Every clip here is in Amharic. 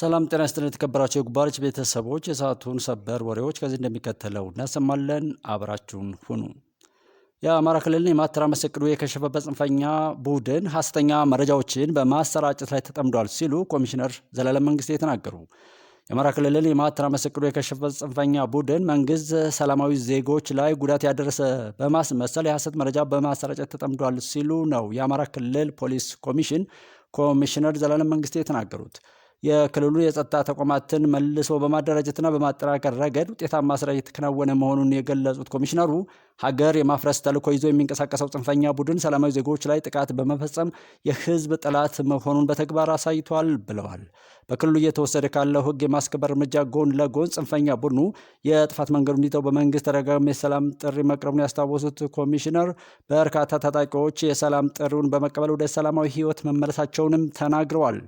ሰላም ጤና ይስጥልን የተከበራቸው የጉባልች ቤተሰቦች የሰዓቱን ሰበር ወሬዎች ከዚህ እንደሚከተለው እናሰማለን። አብራችሁን ሁኑ። የአማራ ክልልን የማተራመስ እቅዱ የከሸፈበት ጽንፈኛ ቡድን ሐሰተኛ መረጃዎችን በማሰራጨት ላይ ተጠምዷል ሲሉ ኮሚሽነር ዘላለም መንግስቴ የተናገሩ። የአማራ ክልልን የማተራመስ እቅዱ የከሸፈበት ጽንፈኛ ቡድን መንግስት ሰላማዊ ዜጎች ላይ ጉዳት ያደረሰ በማስመሰል የሐሰት መረጃ በማሰራጨት ተጠምዷል ሲሉ ነው የአማራ ክልል ፖሊስ ኮሚሽን ኮሚሽነር ዘላለም መንግስቴ የተናገሩት። የክልሉ የጸጥታ ተቋማትን መልሶ በማደራጀትና በማጠራከር ረገድ ውጤታማ ስራ እየተከናወነ መሆኑን የገለጹት ኮሚሽነሩ ሀገር የማፍረስ ተልዕኮ ይዞ የሚንቀሳቀሰው ጽንፈኛ ቡድን ሰላማዊ ዜጎች ላይ ጥቃት በመፈጸም የህዝብ ጠላት መሆኑን በተግባር አሳይቷል ብለዋል። በክልሉ እየተወሰደ ካለው ህግ የማስከበር እርምጃ ጎን ለጎን ጽንፈኛ ቡድኑ የጥፋት መንገዱ እንዲተው በመንግስት ተደጋጋሚ የሰላም ጥሪ መቅረቡን ያስታወሱት ኮሚሽነር በርካታ ታጣቂዎች የሰላም ጥሪውን በመቀበል ወደ ሰላማዊ ህይወት መመለሳቸውንም ተናግረዋል።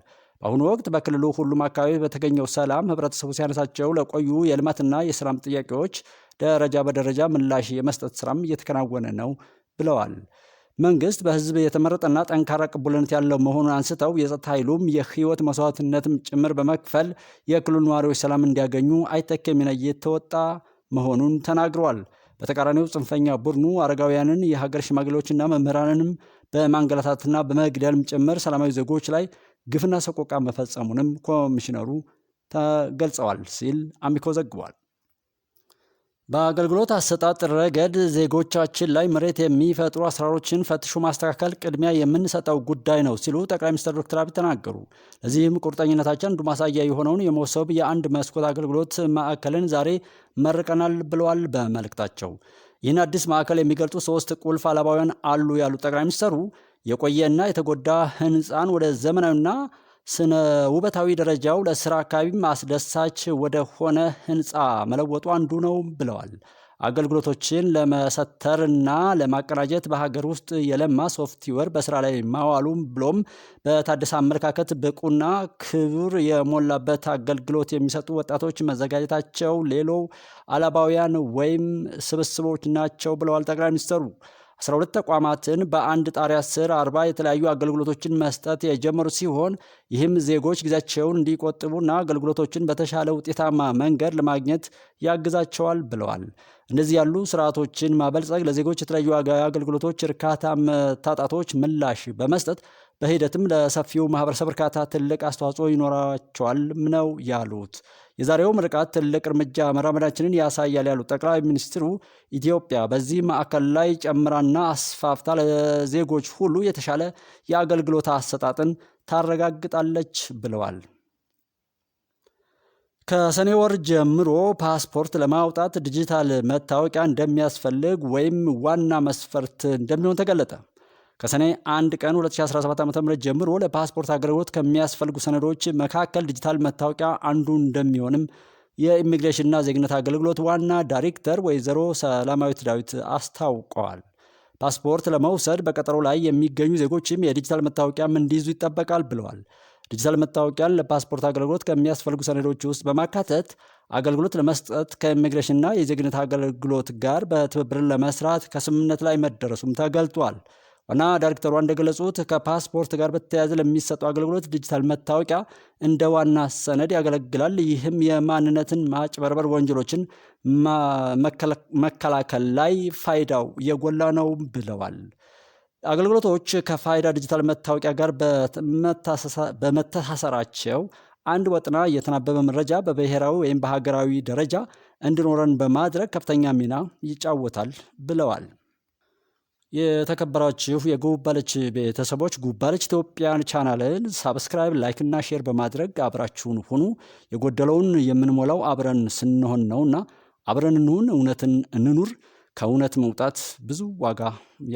በአሁኑ ወቅት በክልሉ ሁሉም አካባቢ በተገኘው ሰላም ህብረተሰቡ ሲያነሳቸው ለቆዩ የልማትና የሰላም ጥያቄዎች ደረጃ በደረጃ ምላሽ የመስጠት ስራም እየተከናወነ ነው ብለዋል። መንግስት በህዝብ የተመረጠና ጠንካራ ቅቡልነት ያለው መሆኑን አንስተው የጸጥታ ኃይሉም የህይወት መስዋዕትነትም ጭምር በመክፈል የክልሉ ነዋሪዎች ሰላም እንዲያገኙ አይተኬ ሚና እየተወጣ መሆኑን ተናግረዋል። በተቃራኒው ጽንፈኛ ቡድኑ አረጋውያንን፣ የሀገር ሽማግሌዎችና መምህራንንም በማንገላታትና በመግደልም ጭምር ሰላማዊ ዜጎች ላይ ግፍና ሰቆቃ መፈጸሙንም ኮሚሽነሩ ተገልጸዋል ሲል አሚኮ ዘግቧል። በአገልግሎት አሰጣጥ ረገድ ዜጎቻችን ላይ ምሬት የሚፈጥሩ አሰራሮችን ፈትሾ ማስተካከል ቅድሚያ የምንሰጠው ጉዳይ ነው ሲሉ ጠቅላይ ሚኒስትር ዶክተር አብይ ተናገሩ። ለዚህም ቁርጠኝነታችን አንዱ ማሳያ የሆነውን የመሶብ የአንድ መስኮት አገልግሎት ማዕከልን ዛሬ መርቀናል ብለዋል በመልእክታቸው። ይህን አዲስ ማዕከል የሚገልጹ ሶስት ቁልፍ አላባውያን አሉ ያሉት ጠቅላይ ሚኒስትሩ የቆየና የተጎዳ ህንፃን ወደ ዘመናዊና ስነ ውበታዊ ደረጃው ለስራ አካባቢም አስደሳች ወደ ሆነ ህንፃ መለወጡ አንዱ ነው ብለዋል። አገልግሎቶችን ለመሰተርና ለማቀናጀት በሀገር ውስጥ የለማ ሶፍትዌር በስራ ላይ ማዋሉም ብሎም በታደሰ አመለካከት ብቁና ክብር የሞላበት አገልግሎት የሚሰጡ ወጣቶች መዘጋጀታቸው ሌሎ አላባውያን ወይም ስብስቦች ናቸው ብለዋል ጠቅላይ ሚኒስትሩ። 12 ተቋማትን በአንድ ጣሪያ ስር 40 የተለያዩ አገልግሎቶችን መስጠት የጀመሩ ሲሆን ይህም ዜጎች ጊዜያቸውን እንዲቆጥቡና አገልግሎቶችን በተሻለ ውጤታማ መንገድ ለማግኘት ያግዛቸዋል ብለዋል። እንደዚህ ያሉ ስርዓቶችን ማበልጸግ ለዜጎች የተለያዩ አገልግሎቶች እርካታ መታጣቶች ምላሽ በመስጠት በሂደትም ለሰፊው ማህበረሰብ እርካታ ትልቅ አስተዋጽኦ ይኖራቸዋል ነው ያሉት። የዛሬው ምርቃት ትልቅ እርምጃ መራመዳችንን ያሳያል ያሉት ጠቅላይ ሚኒስትሩ ኢትዮጵያ በዚህ ማዕከል ላይ ጨምራና አስፋፍታ ለዜጎች ሁሉ የተሻለ የአገልግሎት አሰጣጥን ታረጋግጣለች ብለዋል። ከሰኔ ወር ጀምሮ ፓስፖርት ለማውጣት ዲጂታል መታወቂያ እንደሚያስፈልግ ወይም ዋና መስፈርት እንደሚሆን ተገለጠ። ከሰኔ 1 ቀን 2017 ዓ.ም ጀምሮ ለፓስፖርት አገልግሎት ከሚያስፈልጉ ሰነዶች መካከል ዲጂታል መታወቂያ አንዱ እንደሚሆንም የኢሚግሬሽንና ዜግነት አገልግሎት ዋና ዳይሬክተር ወይዘሮ ሰላማዊት ዳዊት አስታውቀዋል። ፓስፖርት ለመውሰድ በቀጠሮ ላይ የሚገኙ ዜጎችም የዲጂታል መታወቂያም እንዲይዙ ይጠበቃል ብለዋል። ዲጂታል መታወቂያን ለፓስፖርት አገልግሎት ከሚያስፈልጉ ሰነዶች ውስጥ በማካተት አገልግሎት ለመስጠት ከኢሚግሬሽንና የዜግነት አገልግሎት ጋር በትብብር ለመስራት ከስምምነት ላይ መደረሱም ተገልጧል። ዋና ዳይሬክተሯ እንደገለጹት ከፓስፖርት ጋር በተያያዘ ለሚሰጠው አገልግሎት ዲጂታል መታወቂያ እንደ ዋና ሰነድ ያገለግላል። ይህም የማንነትን ማጭበርበር ወንጀሎችን መከላከል ላይ ፋይዳው የጎላ ነው ብለዋል። አገልግሎቶች ከፋይዳ ዲጂታል መታወቂያ ጋር በመተሳሰራቸው አንድ ወጥና የተናበበ መረጃ በብሔራዊ ወይም በሀገራዊ ደረጃ እንዲኖረን በማድረግ ከፍተኛ ሚና ይጫወታል ብለዋል። የተከበራችሁ የጉባለች ቤተሰቦች ጉባለች ኢትዮጵያን ቻናልን ሳብስክራይብ፣ ላይክ እና ሼር በማድረግ አብራችሁን ሁኑ። የጎደለውን የምንሞላው አብረን ስንሆን ነውና አብረን እንሁን፣ እውነትን እንኑር። ከእውነት መውጣት ብዙ ዋጋ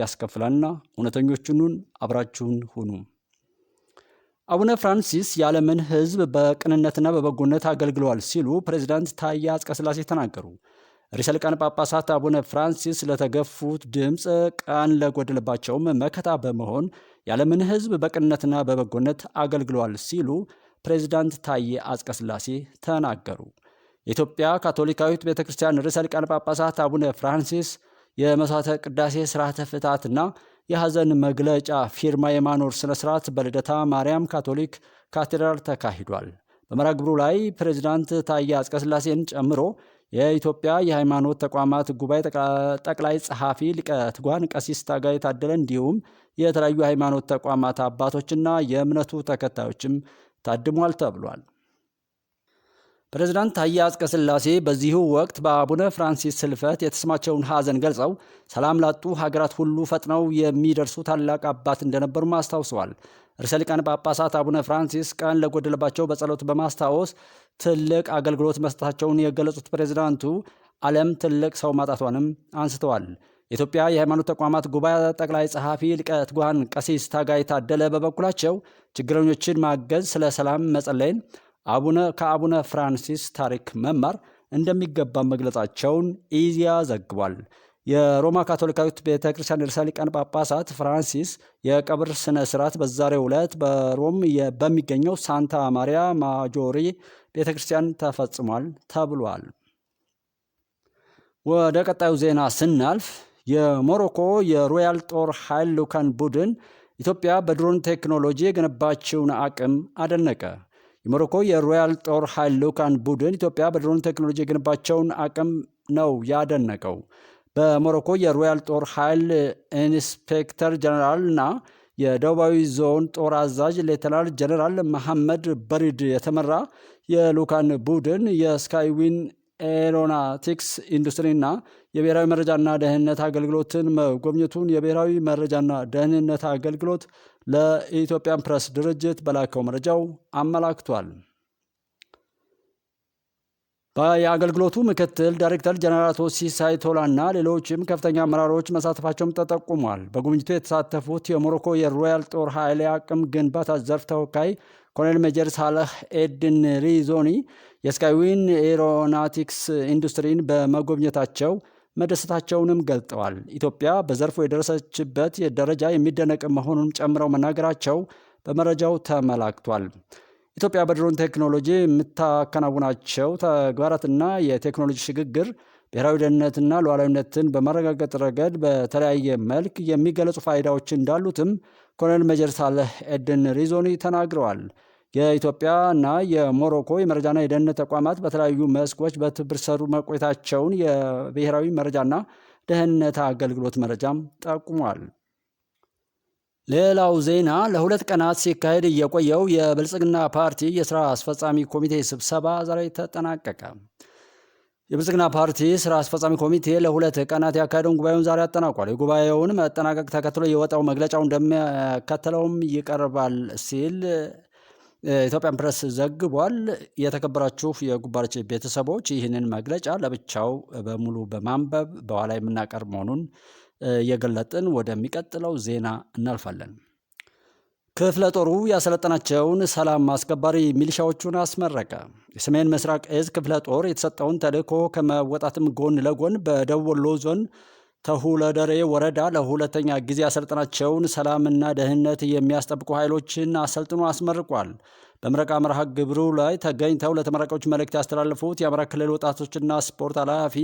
ያስከፍላልና እውነተኞች እንሁን፣ አብራችሁን ሁኑ። አቡነ ፍራንሲስ የዓለምን ሕዝብ በቅንነትና በበጎነት አገልግለዋል ሲሉ ፕሬዚዳንት ታዬ አጽቀሥላሴ ተናገሩ። ርዕሰ ሊቃነ ጳጳሳት አቡነ ፍራንሲስ ለተገፉት ድምፅ ቀን ለጎደለባቸውም መከታ በመሆን የዓለምን ሕዝብ በቅንነትና በበጎነት አገልግሏል ሲሉ ፕሬዚዳንት ታዬ አጽቀሥላሴ ተናገሩ። የኢትዮጵያ ካቶሊካዊት ቤተ ክርስቲያን ርዕሰ ሊቃነ ጳጳሳት አቡነ ፍራንሲስ የመስዋዕተ ቅዳሴ ስርዓተ ፍትሐትና የሐዘን መግለጫ ፊርማ የማኖር ሥነ ሥርዓት በልደታ ማርያም ካቶሊክ ካቴድራል ተካሂዷል። በመርሃ ግብሩ ላይ ፕሬዚዳንት ታዬ አጽቀሥላሴን ጨምሮ የኢትዮጵያ የሃይማኖት ተቋማት ጉባኤ ጠቅላይ ጸሐፊ ሊቀ ትጉሃን ቀሲስ ታጋይ ታደለ እንዲሁም የተለያዩ ሃይማኖት ተቋማት አባቶችና የእምነቱ ተከታዮችም ታድሟል ተብሏል። ፕሬዝዳንት ታዬ አጽቀሥላሴ በዚሁ ወቅት በአቡነ ፍራንሲስ ሕልፈት የተሰማቸውን ሐዘን ገልጸው ሰላም ላጡ ሀገራት ሁሉ ፈጥነው የሚደርሱ ታላቅ አባት እንደነበሩም አስታውሰዋል። ርዕሰ ሊቃነ ጳጳሳት አቡነ ፍራንሲስ ቀን ለጎደለባቸው በጸሎት በማስታወስ ትልቅ አገልግሎት መስጠታቸውን የገለጹት ፕሬዚዳንቱ ዓለም ትልቅ ሰው ማጣቷንም አንስተዋል። የኢትዮጵያ የሃይማኖት ተቋማት ጉባኤ ጠቅላይ ጸሐፊ ሊቀ ትጉሃን ቀሲስ ታጋይ ታደለ በበኩላቸው ችግረኞችን ማገዝ፣ ስለ ሰላም መጸለይን አቡነ ከአቡነ ፍራንሲስ ታሪክ መማር እንደሚገባ መግለጻቸውን ኢዜአ ዘግቧል። የሮማ ካቶሊካዊት ቤተክርስቲያን ርዕሰ ሊቃነ ጳጳሳት ፍራንሲስ የቀብር ስነ ስርዓት በዛሬው ዕለት በሮም በሚገኘው ሳንታ ማሪያ ማጆሪ ቤተክርስቲያን ተፈጽሟል ተብሏል። ወደ ቀጣዩ ዜና ስናልፍ የሞሮኮ የሮያል ጦር ኃይል ልዑካን ቡድን ኢትዮጵያ በድሮን ቴክኖሎጂ የገነባችውን አቅም አደነቀ። የሞሮኮ የሮያል ጦር ኃይል ልዑካን ቡድን ኢትዮጵያ በድሮን ቴክኖሎጂ የገነባቸውን አቅም ነው ያደነቀው። በሞሮኮ የሮያል ጦር ኃይል ኢንስፔክተር ጀነራል እና የደቡባዊ ዞን ጦር አዛዥ ሌተናል ጀነራል መሐመድ በሪድ የተመራ የሉካን ቡድን የስካይዊን ኤሮናቲክስ ኢንዱስትሪና የብሔራዊ መረጃና ደህንነት አገልግሎትን መጎብኘቱን የብሔራዊ መረጃና ደህንነት አገልግሎት ለኢትዮጵያን ፕረስ ድርጅት በላከው መረጃው አመላክቷል። የአገልግሎቱ ምክትል ዳይሬክተር ጀነራል ቶሲ ሲሳይ ሌሎችም ከፍተኛ አመራሮች መሳተፋቸውም ተጠቁሟል። በጉብኝቱ የተሳተፉት የሞሮኮ የሮያል ጦር ኃይል አቅም ግንባታ ዘርፍ ተወካይ ኮሎኔል ሜጀር ሳለህ ኤድን ሪዞኒ የስካይዊን ኤሮናቲክስ ኢንዱስትሪን በመጎብኘታቸው መደሰታቸውንም ገልጠዋል። ኢትዮጵያ በዘርፉ የደረሰችበት ደረጃ የሚደነቅ መሆኑን ጨምረው መናገራቸው በመረጃው ተመላክቷል። ኢትዮጵያ በድሮን ቴክኖሎጂ የምታከናውናቸው ተግባራትና የቴክኖሎጂ ሽግግር ብሔራዊ ደህንነትና ሉዓላዊነትን በማረጋገጥ ረገድ በተለያየ መልክ የሚገለጹ ፋይዳዎች እንዳሉትም ኮሎኔል መጀር ሳለህ ኤድን ሪዞኒ ተናግረዋል። የኢትዮጵያና የሞሮኮ የመረጃና የደህንነት ተቋማት በተለያዩ መስኮች በትብብር ሰሩ መቆየታቸውን የብሔራዊ መረጃና ደህንነት አገልግሎት መረጃም ጠቁሟል። ሌላው ዜና ለሁለት ቀናት ሲካሄድ የቆየው የብልጽግና ፓርቲ የስራ አስፈጻሚ ኮሚቴ ስብሰባ ዛሬ ተጠናቀቀ። የብልጽግና ፓርቲ ስራ አስፈጻሚ ኮሚቴ ለሁለት ቀናት ያካሄደውን ጉባኤውን ዛሬ አጠናቋል። የጉባኤውን መጠናቀቅ ተከትሎ የወጣው መግለጫው እንደሚከተለውም ይቀርባል ሲል ኢትዮጵያን ፕሬስ ዘግቧል። የተከበራችሁ የጉባርች ቤተሰቦች ይህንን መግለጫ ለብቻው በሙሉ በማንበብ በኋላ የምናቀርብ መሆኑን እየገለጥን ወደሚቀጥለው ዜና እናልፋለን። ክፍለ ጦሩ ያሰለጠናቸውን ሰላም አስከባሪ ሚሊሻዎቹን አስመረቀ። የሰሜን ምስራቅ እዝ ክፍለ ጦር የተሰጠውን ተልዕኮ ከመወጣትም ጎን ለጎን በደቡብ ወሎ ዞን ተሁለደሬ ወረዳ ለሁለተኛ ጊዜ ያሰለጠናቸውን ሰላምና ደህንነት የሚያስጠብቁ ኃይሎችን አሰልጥኖ አስመርቋል። በምረቃ መርሃ ግብሩ ላይ ተገኝተው ለተመራቂዎች መልእክት ያስተላለፉት የአማራ ክልል ወጣቶችና ስፖርት ኃላፊ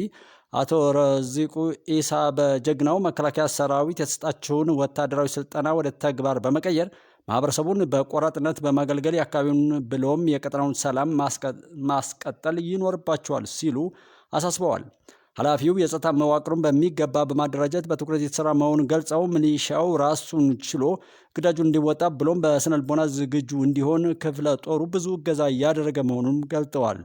አቶ ረዚቁ ኢሳ በጀግናው መከላከያ ሰራዊት የተሰጣቸውን ወታደራዊ ስልጠና ወደ ተግባር በመቀየር ማህበረሰቡን በቆራጥነት በማገልገል የአካባቢውን ብሎም የቀጠናውን ሰላም ማስቀጠል ይኖርባቸዋል ሲሉ አሳስበዋል። ኃላፊው የጸጥታ መዋቅሩን በሚገባ በማደራጀት በትኩረት የተሰራ መሆኑን ገልጸው ሚሊሻው ራሱን ችሎ ግዳጁን እንዲወጣ ብሎም በስነልቦና ዝግጁ እንዲሆን ክፍለ ጦሩ ብዙ እገዛ እያደረገ መሆኑን ገልጠዋል።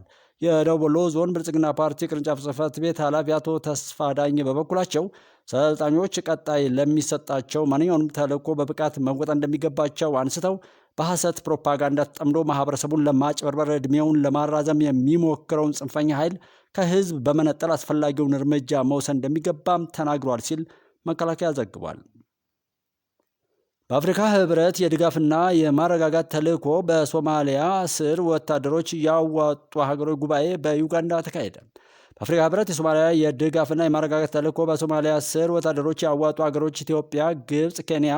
የደቡብ ወሎ ዞን ብልጽግና ፓርቲ ቅርንጫፍ ጽህፈት ቤት ኃላፊ አቶ ተስፋ ዳኝ በበኩላቸው ሰልጣኞች ቀጣይ ለሚሰጣቸው ማንኛውንም ተልዕኮ በብቃት መወጣት እንደሚገባቸው አንስተው በሐሰት ፕሮፓጋንዳ ተጠምዶ ማህበረሰቡን ለማጭበርበር ዕድሜውን ለማራዘም የሚሞክረውን ጽንፈኛ ኃይል ከህዝብ በመነጠል አስፈላጊውን እርምጃ መውሰድ እንደሚገባም ተናግሯል ሲል መከላከያ ዘግቧል። በአፍሪካ ህብረት የድጋፍና የማረጋጋት ተልዕኮ በሶማሊያ ስር ወታደሮች ያዋጡ ሀገሮች ጉባኤ በዩጋንዳ ተካሄደ። በአፍሪካ ህብረት የሶማሊያ የድጋፍና የማረጋጋት ተልዕኮ በሶማሊያ ስር ወታደሮች ያዋጡ ሀገሮች ኢትዮጵያ፣ ግብፅ፣ ኬንያ፣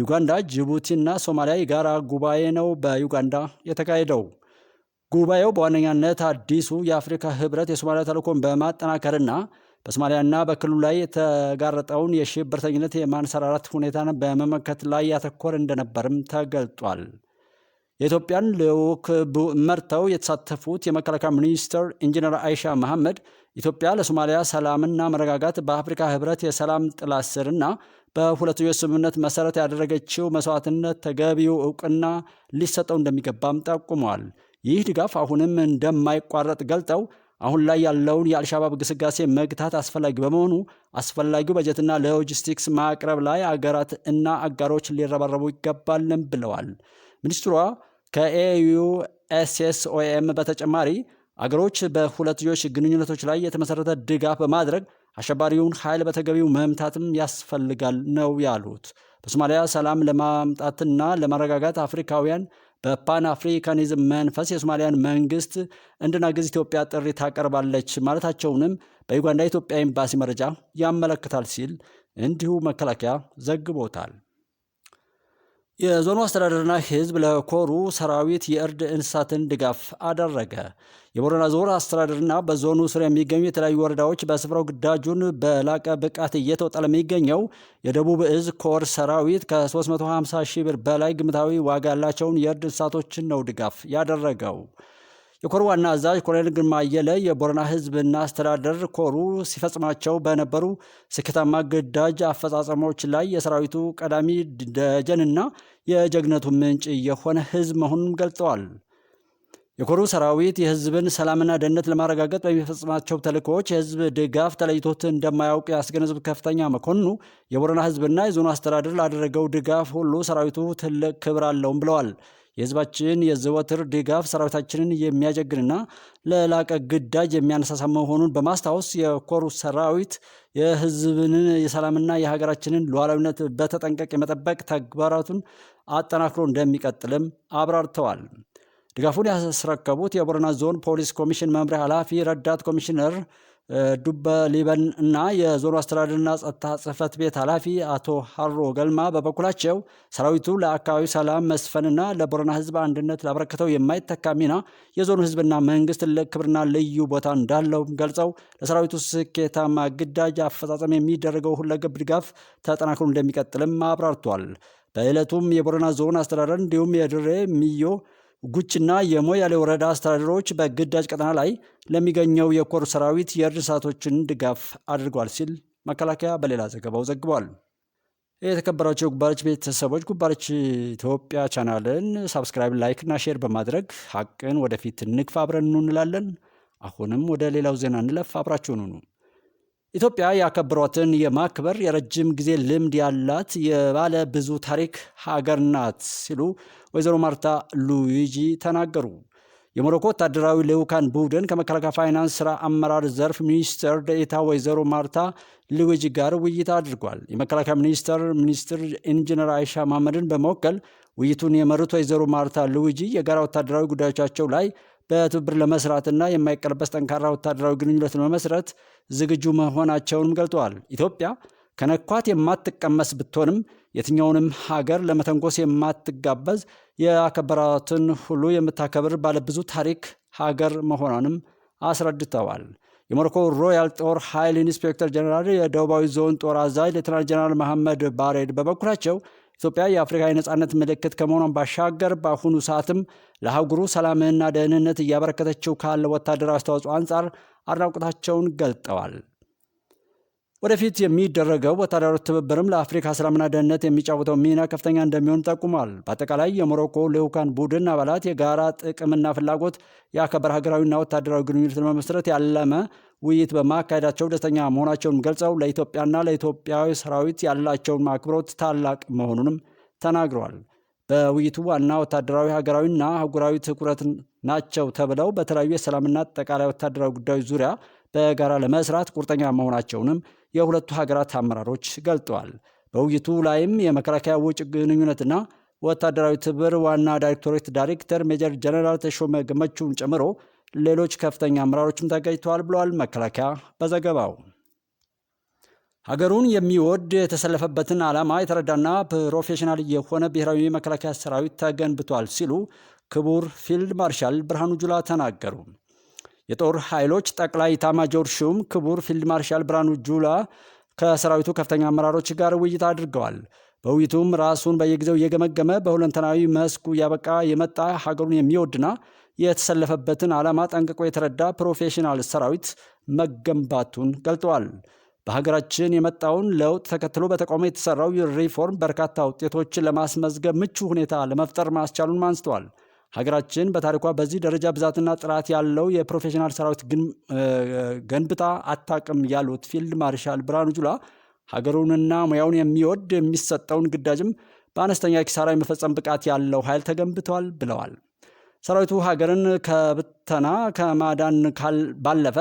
ዩጋንዳ፣ ጅቡቲ እና ሶማሊያ የጋራ ጉባኤ ነው በዩጋንዳ የተካሄደው። ጉባኤው በዋነኛነት አዲሱ የአፍሪካ ህብረት የሶማሊያ ተልዕኮን በማጠናከርና በሶማሊያና በክልሉ ላይ የተጋረጠውን የሽብርተኝነት የማንሰራራት ሁኔታን በመመከት ላይ ያተኮረ እንደነበርም ተገልጧል። የኢትዮጵያን ልዑክ መርተው የተሳተፉት የመከላከያ ሚኒስትር ኢንጂነር አይሻ መሐመድ ኢትዮጵያ ለሶማሊያ ሰላምና መረጋጋት በአፍሪካ ህብረት የሰላም ጥላ ስርና በሁለትዮሽ ስምምነት መሰረት ያደረገችው መስዋዕትነት ተገቢው እውቅና ሊሰጠው እንደሚገባም ጠቁመዋል። ይህ ድጋፍ አሁንም እንደማይቋረጥ ገልጠው አሁን ላይ ያለውን የአልሻባብ ግስጋሴ መግታት አስፈላጊ በመሆኑ አስፈላጊው በጀትና ለሎጂስቲክስ ማቅረብ ላይ አገራት እና አጋሮች ሊረባረቡ ይገባልን ብለዋል። ሚኒስትሯ ከኤዩኤስኤስኦኤም በተጨማሪ አገሮች በሁለትዮሽ ግንኙነቶች ላይ የተመሰረተ ድጋፍ በማድረግ አሸባሪውን ኃይል በተገቢው መምታትም ያስፈልጋል ነው ያሉት። በሶማሊያ ሰላም ለማምጣትና ለማረጋጋት አፍሪካውያን በፓን አፍሪካኒዝም መንፈስ የሶማሊያን መንግስት እንድናግዝ ኢትዮጵያ ጥሪ ታቀርባለች ማለታቸውንም በዩጋንዳ የኢትዮጵያ ኤምባሲ መረጃ ያመለክታል ሲል እንዲሁ መከላከያ ዘግቦታል። የዞኑ አስተዳደርና ህዝብ ለኮሩ ሰራዊት የእርድ እንስሳትን ድጋፍ አደረገ። የቦረና ዞን አስተዳደርና በዞኑ ስር የሚገኙ የተለያዩ ወረዳዎች በስፍራው ግዳጁን በላቀ ብቃት እየተወጣ ለሚገኘው የደቡብ እዝ ኮር ሰራዊት ከ350 ሺህ ብር በላይ ግምታዊ ዋጋ ያላቸውን የእርድ እንስሳቶችን ነው ድጋፍ ያደረገው። የኮሩ ዋና አዛዥ ኮሎኔል ግርማ አየለ የቦረና ህዝብና አስተዳደር ኮሩ ሲፈጽማቸው በነበሩ ስኬታማ ግዳጅ አፈጻጸሞች ላይ የሰራዊቱ ቀዳሚ ደጀንና የጀግነቱ ምንጭ የሆነ ህዝብ መሆኑን ገልጠዋል። የኮሩ ሰራዊት የህዝብን ሰላምና ደህንነት ለማረጋገጥ በሚፈጽማቸው ተልእኮዎች የህዝብ ድጋፍ ተለይቶት እንደማያውቅ ያስገነዝብ ከፍተኛ መኮንኑ የቦረና ህዝብና የዞኑ አስተዳደር ላደረገው ድጋፍ ሁሉ ሰራዊቱ ትልቅ ክብር አለውም ብለዋል። የህዝባችን የዘወትር ድጋፍ ሰራዊታችንን የሚያጀግንና ለላቀ ግዳጅ የሚያነሳሳ መሆኑን በማስታወስ የኮሩ ሰራዊት የህዝብን የሰላምና የሀገራችንን ሉዓላዊነት በተጠንቀቅ የመጠበቅ ተግባራቱን አጠናክሮ እንደሚቀጥልም አብራርተዋል። ድጋፉን ያስረከቡት የቦረና ዞን ፖሊስ ኮሚሽን መምሪያ ኃላፊ ረዳት ኮሚሽነር ዱበ ሊበን እና የዞኑ አስተዳደርና ጸጥታ ጽህፈት ቤት ኃላፊ አቶ ሀሮ ገልማ በበኩላቸው ሰራዊቱ ለአካባቢው ሰላም መስፈንና ለቦረና ህዝብ አንድነት ላበረከተው የማይተካ ሚና የዞኑ ህዝብና መንግስት ክብርና ልዩ ቦታ እንዳለው ገልጸው ለሰራዊቱ ስኬታማ ግዳጅ አፈጻጸም የሚደረገው ሁለገብ ድጋፍ ተጠናክሮ እንደሚቀጥልም አብራርቷል። በዕለቱም የቦረና ዞን አስተዳደር እንዲሁም የድሬ ሚዮ ጉችና የሞያሌ ወረዳ አስተዳደሮች በግዳጅ ቀጠና ላይ ለሚገኘው የኮር ሰራዊት የእርሳቶችን ድጋፍ አድርጓል ሲል መከላከያ በሌላ ዘገባው ዘግቧል። የተከበራቸው የጉባለች ቤተሰቦች ጉባለች ኢትዮጵያ ቻናልን ሳብስክራይብ፣ ላይክ እና ሼር በማድረግ ሀቅን ወደፊት ንግፍ አብረን እንላለን። አሁንም ወደ ሌላው ዜና እንለፍ። አብራችሁን ሁኑ። ኢትዮጵያ ያከበሯትን የማክበር የረጅም ጊዜ ልምድ ያላት የባለ ብዙ ታሪክ ሀገር ናት ሲሉ ወይዘሮ ማርታ ሉዊጂ ተናገሩ። የሞሮኮ ወታደራዊ ልዑካን ቡድን ከመከላከያ ፋይናንስ ስራ አመራር ዘርፍ ሚኒስትር ደኤታ ወይዘሮ ማርታ ልዊጂ ጋር ውይይት አድርጓል። የመከላከያ ሚኒስቴር ሚኒስትር ኢንጂነር አይሻ ማመድን በመወከል ውይይቱን የመሩት ወይዘሮ ማርታ ልዊጂ የጋራ ወታደራዊ ጉዳዮቻቸው ላይ በትብብር ለመስራትና የማይቀለበስ ጠንካራ ወታደራዊ ግንኙነት ለመመስረት ዝግጁ መሆናቸውንም ገልጠዋል። ኢትዮጵያ ከነኳት የማትቀመስ ብትሆንም የትኛውንም ሀገር ለመተንኮስ የማትጋበዝ የአከበራትን ሁሉ የምታከብር ባለብዙ ታሪክ ሀገር መሆኗንም አስረድተዋል። የሞሮኮ ሮያል ጦር ኃይል ኢንስፔክተር ጀነራል የደቡባዊ ዞን ጦር አዛዥ ሌተናል ጀነራል መሐመድ ባሬድ በበኩላቸው ኢትዮጵያ የአፍሪካ የነፃነት ምልክት ከመሆኗን ባሻገር በአሁኑ ሰዓትም ለአህጉሩ ሰላምና ደህንነት እያበረከተችው ካለ ወታደራዊ አስተዋጽኦ አንጻር አድናቆታቸውን ገልጠዋል። ወደፊት የሚደረገው ወታደራዊ ትብብርም ለአፍሪካ ሰላምና ደህንነት የሚጫወተው ሚና ከፍተኛ እንደሚሆን ጠቁሟል። በአጠቃላይ የሞሮኮ ልዑካን ቡድን አባላት የጋራ ጥቅምና ፍላጎት ያከበረ ሀገራዊና ወታደራዊ ግንኙነት ለመመስረት ያለመ ውይይት በማካሄዳቸው ደስተኛ መሆናቸውን ገልጸው ለኢትዮጵያና ለኢትዮጵያዊ ሰራዊት ያላቸውን አክብሮት ታላቅ መሆኑንም ተናግረዋል። በውይይቱ ዋና ወታደራዊ ሀገራዊና አህጉራዊ ትኩረት ናቸው ተብለው በተለያዩ የሰላምና አጠቃላይ ወታደራዊ ጉዳዮች ዙሪያ በጋራ ለመስራት ቁርጠኛ መሆናቸውንም የሁለቱ ሀገራት አመራሮች ገልጠዋል። በውይይቱ ላይም የመከላከያ ውጭ ግንኙነትና ወታደራዊ ትብብር ዋና ዳይሬክቶሬት ዳይሬክተር ሜጀር ጀነራል ተሾመ ገመቹን ጨምሮ ሌሎች ከፍተኛ አመራሮችም ተገኝተዋል ብለዋል መከላከያ በዘገባው። ሀገሩን የሚወድ የተሰለፈበትን ዓላማ የተረዳና ፕሮፌሽናል የሆነ ብሔራዊ መከላከያ ሰራዊት ተገንብቷል ሲሉ ክቡር ፊልድ ማርሻል ብርሃኑ ጁላ ተናገሩ። የጦር ኃይሎች ጠቅላይ ኢታማጆር ሹም ክቡር ፊልድ ማርሻል ብርሃኑ ጁላ ከሰራዊቱ ከፍተኛ አመራሮች ጋር ውይይት አድርገዋል። በውይይቱም ራሱን በየጊዜው እየገመገመ በሁለንተናዊ መስኩ እያበቃ የመጣ ሀገሩን የሚወድና የተሰለፈበትን ዓላማ ጠንቅቆ የተረዳ ፕሮፌሽናል ሰራዊት መገንባቱን ገልጠዋል። በሀገራችን የመጣውን ለውጥ ተከትሎ በተቃውሞ የተሰራው ሪፎርም በርካታ ውጤቶችን ለማስመዝገብ ምቹ ሁኔታ ለመፍጠር ማስቻሉን አንስተዋል። ሀገራችን በታሪኳ በዚህ ደረጃ ብዛትና ጥራት ያለው የፕሮፌሽናል ሰራዊት ገንብታ አታቅም ያሉት ፊልድ ማርሻል ብርሃኑ ጁላ ሀገሩንና ሙያውን የሚወድ የሚሰጠውን ግዳጅም በአነስተኛ ኪሳራ የመፈጸም ብቃት ያለው ኃይል ተገንብቷል ብለዋል። ሰራዊቱ ሀገርን ከብተና ከማዳን ባለፈ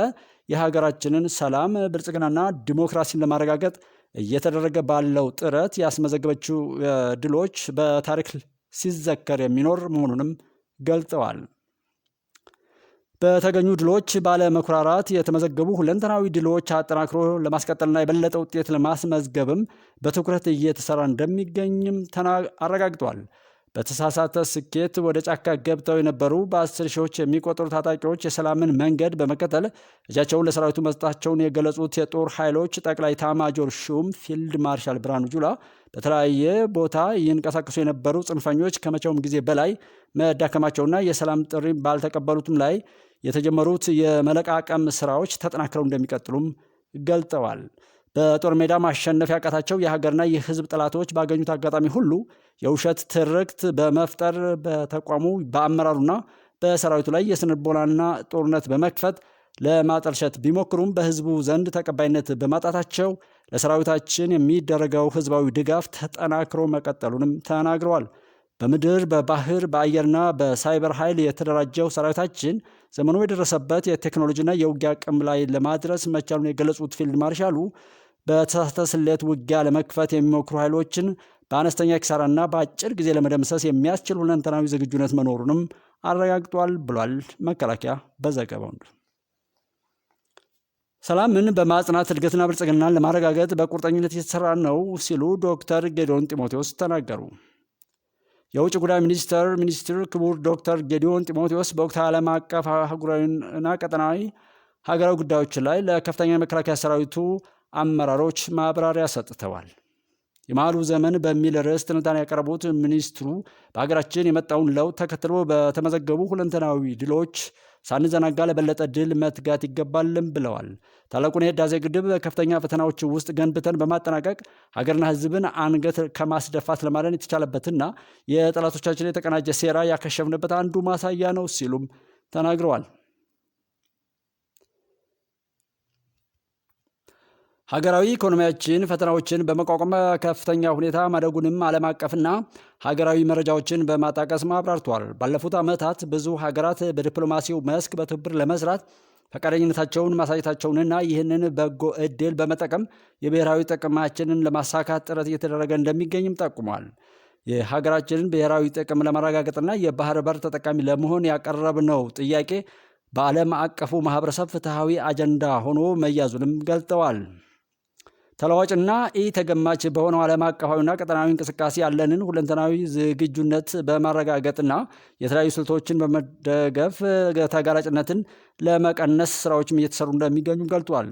የሀገራችንን ሰላም ብልጽግናና ዲሞክራሲን ለማረጋገጥ እየተደረገ ባለው ጥረት ያስመዘገበችው ድሎች በታሪክ ሲዘከር የሚኖር መሆኑንም ገልጸዋል። በተገኙ ድሎች ባለመኩራራት የተመዘገቡ ሁለንተናዊ ድሎች አጠናክሮ ለማስቀጠልና የበለጠ ውጤት ለማስመዝገብም በትኩረት እየተሰራ እንደሚገኝም አረጋግጧል። በተሳሳተ ስኬት ወደ ጫካ ገብተው የነበሩ በአስር ሺዎች የሚቆጠሩ ታጣቂዎች የሰላምን መንገድ በመከተል እጃቸውን ለሰራዊቱ መስጠታቸውን የገለጹት የጦር ኃይሎች ጠቅላይ ታማጆር ሹም ፊልድ ማርሻል ብርሃኑ ጁላ በተለያየ ቦታ እየንቀሳቀሱ የነበሩ ጽንፈኞች ከመቼውም ጊዜ በላይ መዳከማቸውና የሰላም ጥሪ ባልተቀበሉትም ላይ የተጀመሩት የመለቃቀም ስራዎች ተጠናክረው እንደሚቀጥሉም ገልጠዋል። በጦር ሜዳ ማሸነፍ ያቃታቸው የሀገርና የሕዝብ ጠላቶች ባገኙት አጋጣሚ ሁሉ የውሸት ትርክት በመፍጠር በተቋሙ በአመራሩና በሰራዊቱ ላይ የስነልቦናና ጦርነት በመክፈት ለማጠልሸት ቢሞክሩም በሕዝቡ ዘንድ ተቀባይነት በማጣታቸው ለሰራዊታችን የሚደረገው ህዝባዊ ድጋፍ ተጠናክሮ መቀጠሉንም ተናግረዋል። በምድር በባህር በአየርና በሳይበር ኃይል የተደራጀው ሰራዊታችን ዘመኑ የደረሰበት የቴክኖሎጂና የውጊያ አቅም ላይ ለማድረስ መቻሉን የገለጹት ፊልድ ማርሻሉ በተሳሳተ ስሌት ውጊያ ለመክፈት የሚሞክሩ ኃይሎችን በአነስተኛ ኪሳራና በአጭር ጊዜ ለመደምሰስ የሚያስችል ሁለንተናዊ ዝግጁነት መኖሩንም አረጋግጧል ብሏል። መከላከያ በዘገባው ሰላምን በማጽናት እድገትና ብልጽግናን ለማረጋገጥ በቁርጠኝነት የተሰራ ነው ሲሉ ዶክተር ጌዲዮን ጢሞቴዎስ ተናገሩ። የውጭ ጉዳይ ሚኒስቴር ሚኒስትር ክቡር ዶክተር ጌዲዮን ጢሞቴዎስ በወቅታዊ ዓለም አቀፍ አህጉራዊና ቀጠናዊ ሀገራዊ ጉዳዮች ላይ ለከፍተኛ የመከላከያ ሰራዊቱ አመራሮች ማብራሪያ ሰጥተዋል። የመሃሉ ዘመን በሚል ርዕስ ትንታኔ ያቀረቡት ሚኒስትሩ በሀገራችን የመጣውን ለውጥ ተከትሎ በተመዘገቡ ሁለንተናዊ ድሎች ሳንዘናጋ ለበለጠ ድል መትጋት ይገባልም ብለዋል። ታላቁን የህዳሴ ግድብ ከፍተኛ ፈተናዎች ውስጥ ገንብተን በማጠናቀቅ ሀገርና ህዝብን አንገት ከማስደፋት ለማዳን የተቻለበትና የጠላቶቻችን የተቀናጀ ሴራ ያከሸፍንበት አንዱ ማሳያ ነው ሲሉም ተናግረዋል። ሀገራዊ ኢኮኖሚያችን ፈተናዎችን በመቋቋም ከፍተኛ ሁኔታ ማደጉንም ዓለም አቀፍና ሀገራዊ መረጃዎችን በማጣቀስ አብራርቷል። ባለፉት ዓመታት ብዙ ሀገራት በዲፕሎማሲው መስክ በትብብር ለመስራት ፈቃደኝነታቸውን ማሳየታቸውንና ይህንን በጎ እድል በመጠቀም የብሔራዊ ጥቅማችንን ለማሳካት ጥረት እየተደረገ እንደሚገኝም ጠቁሟል። የሀገራችንን ብሔራዊ ጥቅም ለማረጋገጥና የባህር በር ተጠቃሚ ለመሆን ያቀረብነው ጥያቄ በዓለም አቀፉ ማህበረሰብ ፍትሐዊ አጀንዳ ሆኖ መያዙንም ገልጠዋል። ተለዋጭና ኢ ተገማች በሆነው ዓለም አቀፋዊና ቀጠናዊ እንቅስቃሴ ያለንን ሁለንተናዊ ዝግጁነት በማረጋገጥና የተለያዩ ስልቶችን በመደገፍ ተጋላጭነትን ለመቀነስ ስራዎችም እየተሰሩ እንደሚገኙ ገልጧል።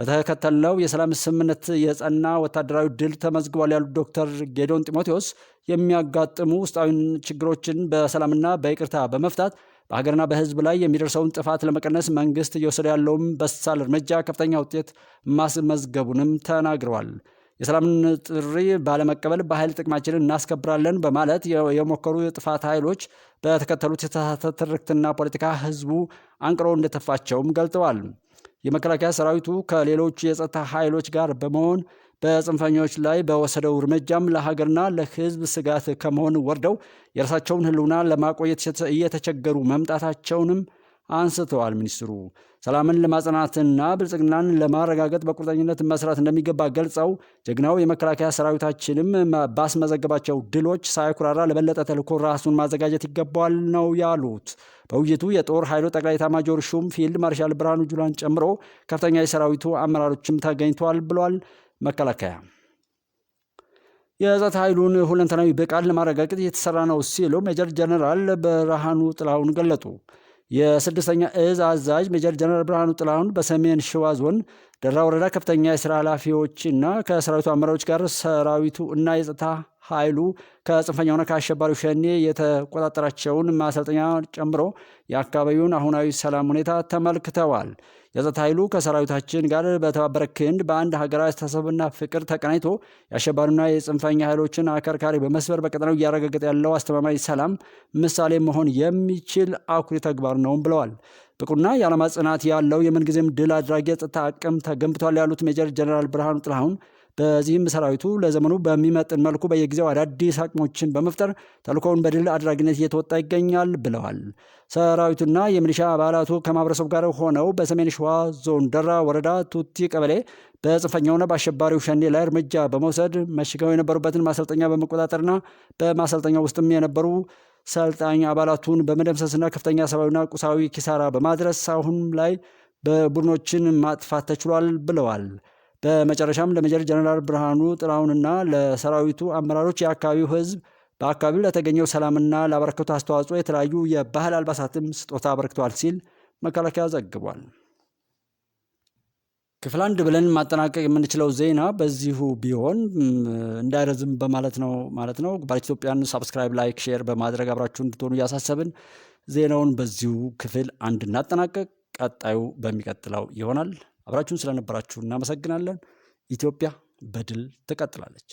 በተከተልነው የሰላም ስምምነት የጸና ወታደራዊ ድል ተመዝግቧል ያሉት ዶክተር ጌዶን ጢሞቴዎስ የሚያጋጥሙ ውስጣዊ ችግሮችን በሰላምና በይቅርታ በመፍታት በሀገርና በህዝብ ላይ የሚደርሰውን ጥፋት ለመቀነስ መንግስት እየወሰደ ያለውም በሳል እርምጃ ከፍተኛ ውጤት ማስመዝገቡንም ተናግረዋል። የሰላምን ጥሪ ባለመቀበል በኃይል ጥቅማችንን እናስከብራለን በማለት የሞከሩ የጥፋት ኃይሎች በተከተሉት የተሳሳተ ትርክትና ፖለቲካ ህዝቡ አንቅሮ እንደተፋቸውም ገልጠዋል። የመከላከያ ሰራዊቱ ከሌሎች የጸጥታ ኃይሎች ጋር በመሆን በጽንፈኞች ላይ በወሰደው እርምጃም ለሀገርና ለሕዝብ ስጋት ከመሆን ወርደው የራሳቸውን ህልውና ለማቆየት እየተቸገሩ መምጣታቸውንም አንስተዋል። ሚኒስትሩ ሰላምን ለማጽናትና ብልጽግናን ለማረጋገጥ በቁርጠኝነት መስራት እንደሚገባ ገልጸው ጀግናው የመከላከያ ሰራዊታችንም ባስመዘገባቸው ድሎች ሳይኩራራ ለበለጠ ተልዕኮ ራሱን ማዘጋጀት ይገባዋል ነው ያሉት። በውይይቱ የጦር ኃይሎች ጠቅላይ ኤታማዦር ሹም ፊልድ ማርሻል ብርሃኑ ጁላን ጨምሮ ከፍተኛ የሰራዊቱ አመራሮችም ተገኝተዋል ብሏል። መከላከያ የጸጥታ ኃይሉን ሁለንተናዊ ብቃት ለማረጋገጥ እየተሰራ ነው ሲሉ ሜጀር ጀነራል ብርሃኑ ጥላሁን ገለጡ። የስድስተኛ እዝ አዛዥ ሜጀር ጀነራል ብርሃኑ ጥላሁን በሰሜን ሸዋ ዞን ደራ ወረዳ ከፍተኛ የስራ ኃላፊዎችና ከሰራዊቱ አመራሮች ጋር ሰራዊቱ እና የጸጥታ ኃይሉ ከጽንፈኛውና ከአሸባሪው ሸኔ የተቆጣጠራቸውን ማሰልጠኛ ጨምሮ የአካባቢውን አሁናዊ ሰላም ሁኔታ ተመልክተዋል። የጸጥታ ኃይሉ ከሰራዊታችን ጋር በተባበረ ክንድ በአንድ ሀገራዊ አስተሳሰብና ፍቅር ተቀናይቶ የአሸባሪና የጽንፈኛ ኃይሎችን አከርካሪ በመስበር በቀጠናው እያረጋገጠ ያለው አስተማማኝ ሰላም ምሳሌ መሆን የሚችል አኩሪ ተግባር ነውም ብለዋል። ብቁና የዓላማ ጽናት ያለው የምንጊዜም ድል አድራጊ የጸጥታ አቅም ተገንብቷል ያሉት ሜጀር ጀነራል ብርሃኑ ጥላሁን በዚህም ሰራዊቱ ለዘመኑ በሚመጥን መልኩ በየጊዜው አዳዲስ አቅሞችን በመፍጠር ተልኮውን በድል አድራጊነት እየተወጣ ይገኛል ብለዋል። ሰራዊቱና የሚሊሻ አባላቱ ከማህበረሰቡ ጋር ሆነው በሰሜን ሸዋ ዞን ደራ ወረዳ ቱቲ ቀበሌ በጽንፈኛውና በአሸባሪው ሸኔ ላይ እርምጃ በመውሰድ መሽገው የነበሩበትን ማሰልጠኛ በመቆጣጠርና በማሰልጠኛ ውስጥም የነበሩ ሰልጣኝ አባላቱን በመደምሰስና ከፍተኛ ሰብአዊና ቁሳዊ ኪሳራ በማድረስ አሁን ላይ በቡድኖችን ማጥፋት ተችሏል ብለዋል። በመጨረሻም ለመጀር ጀነራል ብርሃኑ ጥላሁንና ለሰራዊቱ አመራሮች የአካባቢው ህዝብ በአካባቢው ለተገኘው ሰላምና ላበረከቱ አስተዋጽኦ የተለያዩ የባህል አልባሳትም ስጦታ አበርክተዋል ሲል መከላከያ ዘግቧል። ክፍል አንድ ብለን ማጠናቀቅ የምንችለው ዜና በዚሁ ቢሆን እንዳይረዝም በማለት ነው ማለት ነው። ባለ ኢትዮጵያን ሳብስክራይብ፣ ላይክ፣ ሼር በማድረግ አብራችሁ እንድትሆኑ እያሳሰብን ዜናውን በዚሁ ክፍል አንድ እናጠናቀቅ። ቀጣዩ በሚቀጥለው ይሆናል። አብራችሁን ስለነበራችሁ እናመሰግናለን። ኢትዮጵያ በድል ትቀጥላለች።